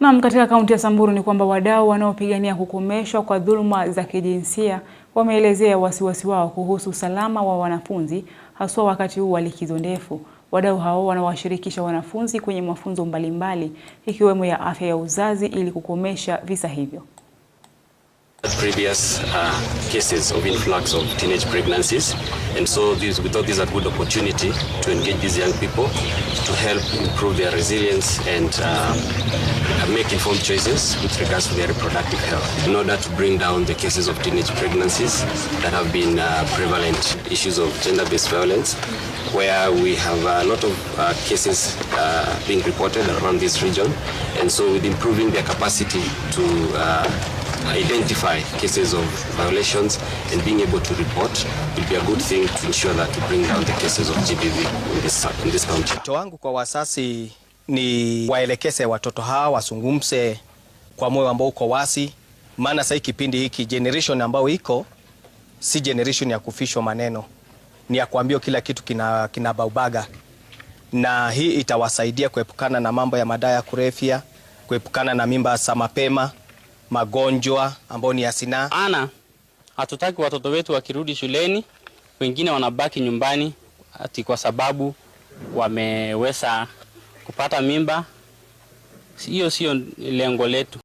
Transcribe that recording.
Naam, katika kaunti ya Samburu ni kwamba wadau wanaopigania kukomeshwa kwa dhuluma za kijinsia wameelezea wasiwasi wao kuhusu usalama wa wanafunzi haswa wakati huu wa likizo ndefu. Wadau hao wanawashirikisha wanafunzi kwenye mafunzo mbalimbali ikiwemo ya afya ya uzazi ili kukomesha visa hivyo. previous uh, cases of influx of teenage pregnancies and so this, we thought this is a good opportunity to engage these young people to help improve their resilience and uh, make informed choices with regards to their reproductive health in order to bring down the cases of teenage pregnancies that have been uh, prevalent issues of gender-based violence where we have a lot of uh, cases uh, being reported around this region and so with improving their capacity to uh, identify cases of violations and being able to report will be a good thing to ensure that we bring down the cases of GBV in this, in this country. Wito wangu kwa wasasi ni waelekeze watoto hawa wasungumse kwa moyo ambao uko wasi, maana sasa kipindi hiki generation ambayo iko si generation ya kufishwa maneno, ni ya kuambiwa kila kitu kina, kina baubaga, na hii itawasaidia kuepukana na mambo ya madawa ya kurefya kuepukana na mimba za mapema, magonjwa ambayo ni ya sinaa ana. Hatutaki watoto wetu wakirudi shuleni, wengine wanabaki nyumbani ati kwa sababu wameweza kupata mimba, hiyo sio lengo letu.